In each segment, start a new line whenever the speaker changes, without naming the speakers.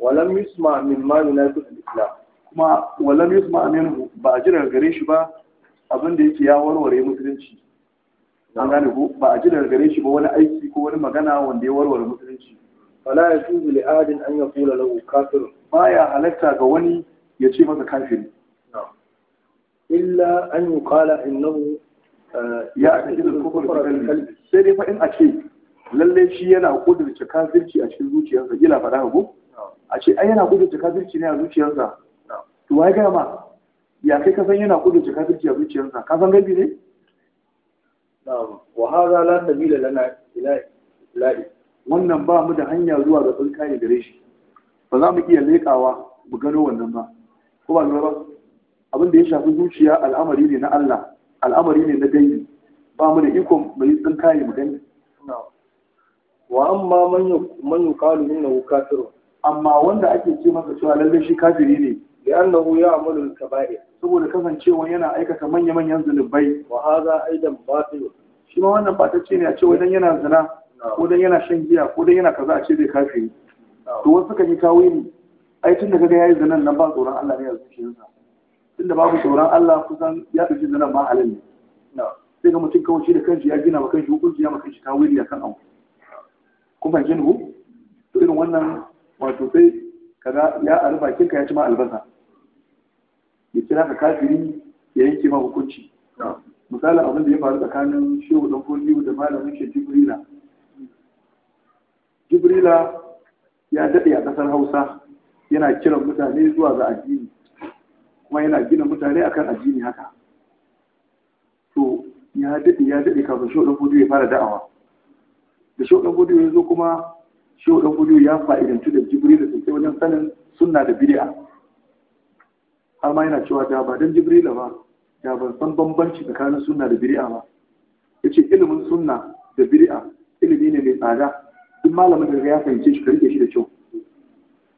ولم يسمع من ما yunafiqu al كما kuma يسمع yusma minhu ba a jira gare shi ba abin da yake ya warware musulunci an jira gare shi ba wani aiki ko wani magana wanda ya warware musulunci fala yajuzu li adin an yaqula lahu kafir baya halatta ga wani ya ce masa kafiri lalle shi yana kudurce kafirci a cikin zuciyarsa gila faɗa ko a ce ai yana kudurta kafirci ne a zuciyarsa to wai ga ma ya kai ka san yana kudurta kafirci a zuciyarsa ka san gaibi ne wa hadha la sabila lana ila ilahi wannan ba mu da hanya zuwa ga tsinkaye gare shi ba za mu iya leƙawa mu gano wannan ba ko ba ba abin da ya shafi zuciya al'amari ne na Allah al'amari ne na dangi, ba mu da ikon mu yi tsinkaye mu gani wa amma man yuqalu innahu kafirun amma wanda ake ce masa cewa lallai shi kafiri ne li'annahu ya'malu al kaba'i saboda kasancewa yana aikata manya-manyan zunubai wa haza aidan batil shi ma wannan ce ne a ce dan yana zina ko dan yana shan giya ko dan yana kaza a ce zai kafiri to wasu kan yi tawili ai tun da kaga yayi zinan nan ba tsoron Allah ne a Tun tunda babu tsoron Allah kusan ya shi zinan ma halin ne sai ga mutum kawai shi da kanshi ya gina ma kanshi hukunci ya ma kanshi tawili kan abu kuma gini ku to irin wannan wato sai kaga ya arba kinka ya ci ma albasa ya kira ka kafiri ya yanke ma hukunci misalin abin da ya faru tsakanin shehu dan kulliyu da malamin shi jibrila jibrila ya daɗe a ƙasar hausa yana kiran mutane zuwa ga addini kuma yana gina mutane akan addini haka to ya daɗe ya daɗe kafin shehu dan kulliyu ya fara da'awa da shehu dan kulliyu ya zo kuma shi wa gudu ya fa'idantu da jibril sosai wajen sanin sunna da bid'a har ma yana cewa da ba don jibril ba da ban san bambanci tsakanin sunna da bid'a ba Ya ce ilimin sunna da bid'a ilimi ne mai tsada duk malamin da ya fahimce shi ka shi da kyau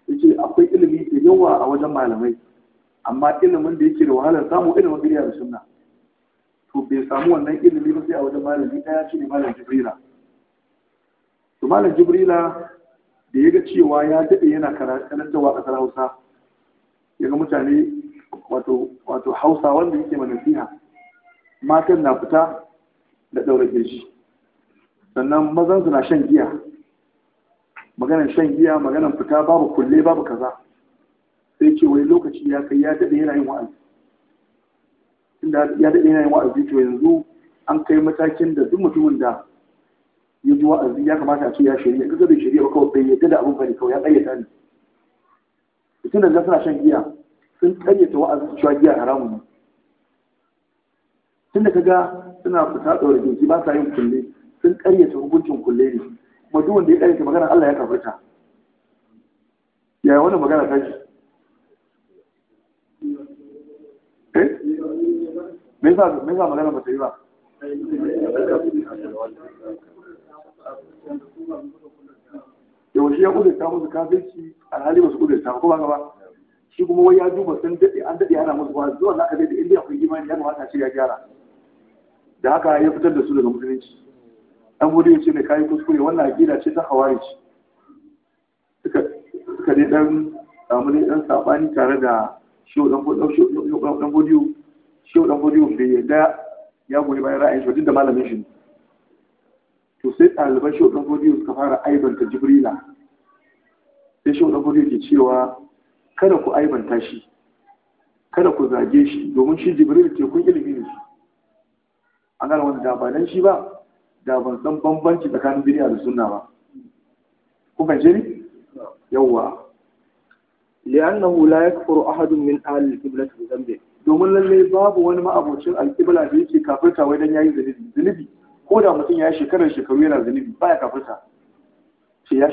Ya ce akwai ilimi da yawa a wajen malamai amma ilimin da yake da wahalar samu ilimin bid'a da sunna to bai samu wannan ilimi ba sai a wajen malami ɗaya shi ne malam jibrila malam jibrila da ya ga cewa ya daɗe yana karantarwa a ƙasar hausa ya ga mutane wato hausa wanda yake manasiha matan na fita da ɗaura girji sannan mazansu na shan giya Maganar shan giya maganar fita babu kulle babu kaza sai ce wai lokaci ya kai ya daɗe yana yin wa'azi inda ya daɗe yana yin wa'azi to yanzu an kai matakin da duk mutumin da ya ji wa'azi ya kamata a ce ya shari'a kaga bai shari'a ba kawai bai yadda da abin bane kawai ya ƙayyata ne mutum da suna shan giya sun ƙayyata wa'azi cewa giya haramu ne tun da kaga suna fita ɗaure jinki ba sa yin kulle sun ƙaryata hukuncin kulle ne kuma duk wanda ya ƙaryata magana Allah ya kafarta yaya wannan magana ta ji eh me me yasa magana ba ta yi ba da wasu ya kudurta musu kafirci alhali halin wasu kudurta ko ba gaba shi kuma wai ya duba sun daɗe an daɗe ana musu wa'azi zuwa zaka daɗe inda akwai imani ya kamata shi ya gyara da haka ya fitar da su daga musulunci dan gudu ce mai kayi kuskure wannan aƙida ce ta khawarij suka suka ne dan samu ne dan sabani tare da shi dan gudu shi dan shi dan gudu bai yarda ya goyi bayan ra'ayin shi duk da malamin shi ne. to sai ɗaliban shi ɗan godiyo suka fara aibanta jibrila sai shi ɗan godiyo ke cewa kada ku aibanta shi kada ku zage shi domin shi jibril tekun ilimi ne an gane wani da ba shi ba da ban san bambanci tsakanin bid'a da sunna ba kun fahimce ni yawwa li'annahu la yakfuru ahadun min ahli al-qiblati bi domin lalle babu wani ma'abocin al-qibla da yake kafirta wai dan yayi zanibi ko da mutum ya shekarar shekaru yana zunubi baya kafirta sai ya